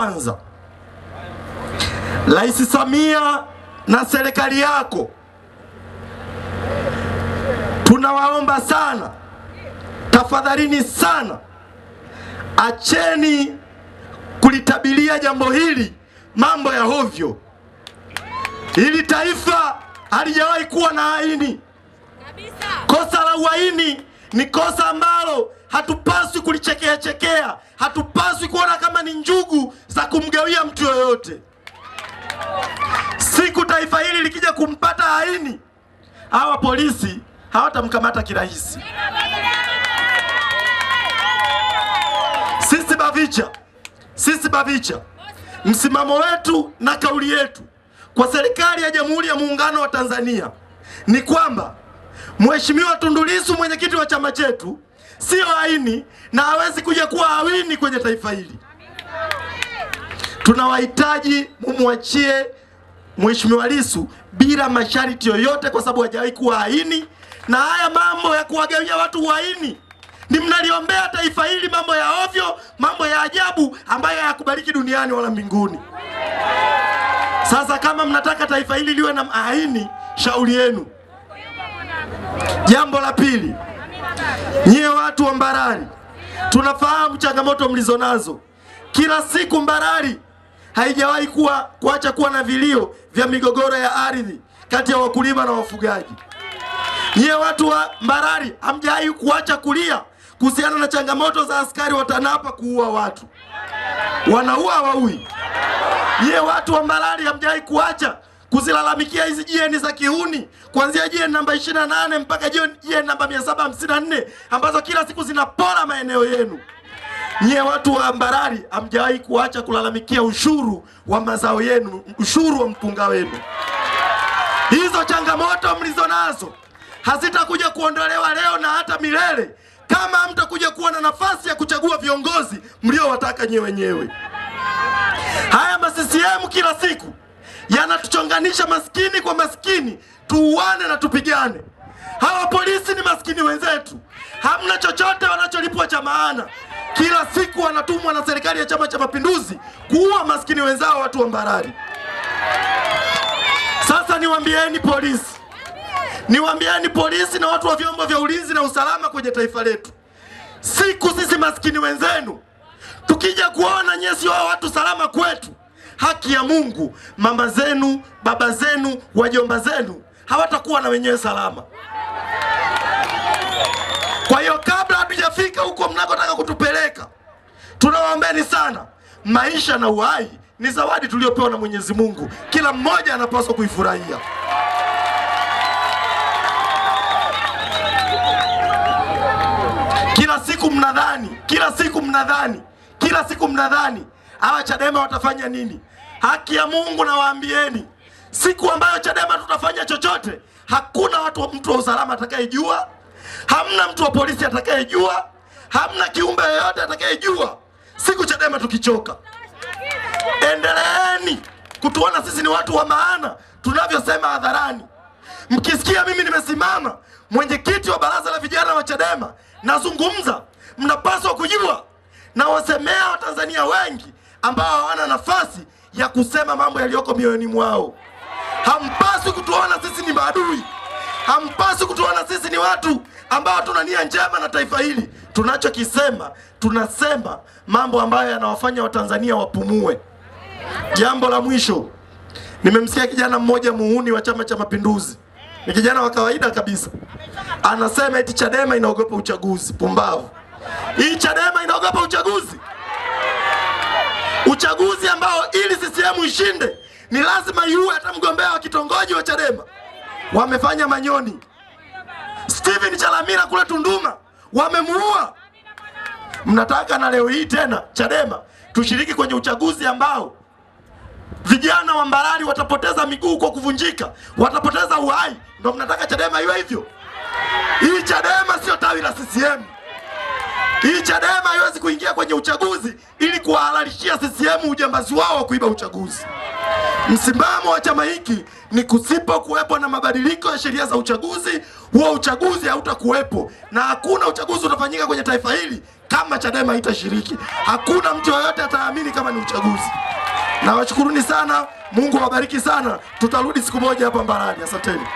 Kwanza, Rais Samia na serikali yako tunawaomba sana, tafadhalini sana, acheni kulitabilia jambo hili mambo ya hovyo. Hili taifa halijawahi kuwa na haini. Kosa la uhaini ni kosa ambalo hatupaswi kulichekea chekea, hatupaswi kuona kama ni njugu kumgawia mtu yoyote. Siku taifa hili likija kumpata haini, hawa polisi hawatamkamata kirahisi. Sisi Bavicha, sisi Bavicha, msimamo wetu na kauli yetu kwa serikali ya Jamhuri ya Muungano wa Tanzania ni kwamba Mheshimiwa Tundu Lissu mwenyekiti wa chama chetu sio haini na hawezi kuja kuwa hawini kwenye taifa hili tunawahitaji mumwachie Mheshimiwa Lissu bila masharti yoyote, kwa sababu hajawahi kuwa haini, na haya mambo ya kuwagawia watu uhaini ni mnaliombea taifa hili mambo ya ovyo, mambo ya ajabu ambayo hayakubaliki duniani wala mbinguni. Sasa kama mnataka taifa hili liwe na haini, shauri yenu. Jambo la pili, nyie watu wa Mbarali, tunafahamu changamoto mlizonazo. Kila siku Mbarali haijawahi kuwa kuacha kuwa na vilio vya migogoro ya ardhi kati ya wakulima na wafugaji. Nyie watu wa Mbarali hamjawahi kuacha kulia kuhusiana na changamoto za askari wa TANAPA kuua watu, wanaua waui Nyie watu wa Mbarali hamjawahi kuacha kuzilalamikia hizi jieni za kihuni kuanzia jieni namba 28 mpaka jieni namba 754 ambazo kila siku zinapora maeneo yenu. Nyie watu wa Mbarali hamjawahi kuacha kulalamikia ushuru wa mazao yenu, ushuru wa mpunga wenu. Hizo changamoto mlizo nazo hazitakuja kuondolewa leo na hata milele, kama hamtakuja kuwa na nafasi ya kuchagua viongozi mliowataka nyewe wenyewe. Haya ma CCM kila siku yanatuchonganisha maskini kwa maskini, tuuane na tupigane. Hawa polisi ni maskini wenzetu, hamna chochote wanacholipwa cha maana. Kila siku wanatumwa na serikali ya Chama cha Mapinduzi kuua maskini wenzao, watu wa Mbarali. Sasa niwaambieni polisi, niwaambieni polisi na watu wa vyombo vya ulinzi na usalama kwenye taifa letu, siku sisi maskini wenzenu tukija kuona nyie sio watu salama kwetu, haki ya Mungu, mama zenu, baba zenu, wajomba zenu hawatakuwa na wenyewe salama. Kwa hiyo Tunawaombeni sana. Maisha na uhai ni zawadi tuliyopewa na Mwenyezi Mungu, kila mmoja anapaswa kuifurahia. Kila siku mnadhani, kila siku mnadhani, kila siku mnadhani hawa Chadema watafanya nini? Haki ya Mungu nawaambieni, siku ambayo Chadema tutafanya chochote, hakuna watu mtu wa usalama atakayejua, hamna mtu wa polisi atakayejua, hamna kiumbe yoyote atakayejua siku Chadema tukichoka, endeleeni kutuona sisi ni watu wa maana tunavyosema hadharani. Mkisikia mimi nimesimama mwenyekiti wa baraza la vijana wa Chadema nazungumza, mnapaswa kujua na wasemea Watanzania wengi ambao hawana nafasi ya kusema mambo yaliyoko mioyoni mwao. Hampaswi kutuona sisi ni maadui, hampaswi kutuona sisi ni watu ambao tuna nia njema na taifa hili. Tunachokisema, tunasema mambo ambayo yanawafanya Watanzania wapumue. Jambo la mwisho, nimemsikia kijana mmoja muhuni wa Chama cha Mapinduzi, ni kijana wa kawaida kabisa, anasema eti Chadema inaogopa uchaguzi. Pumbavu! Hii Chadema inaogopa uchaguzi? Uchaguzi ambao ili CCM ishinde ni lazima iue hata mgombea wa kitongoji wa Chadema. Wamefanya Manyoni Steven Chalamila kule Tunduma wamemuua. Mnataka na leo hii tena Chadema tushiriki kwenye uchaguzi ambao vijana wa Mbarali watapoteza miguu kwa kuvunjika, watapoteza uhai. Ndio mnataka Chadema iwe hivyo? Hii Chadema sio tawi la CCM. Hii Chadema haiwezi kuingia kwenye uchaguzi ili kuwahalalishia CCM ujambazi wao wa kuiba uchaguzi. Msimamo wa chama hiki ni kusipokuwepo na mabadiliko ya sheria za uchaguzi, huo uchaguzi hautakuwepo na hakuna uchaguzi utafanyika kwenye taifa hili kama Chadema haitashiriki. Hakuna mtu yoyote ataamini kama ni uchaguzi. Nawashukuruni sana, Mungu awabariki sana. Tutarudi siku moja hapa Mbarali. Asanteni.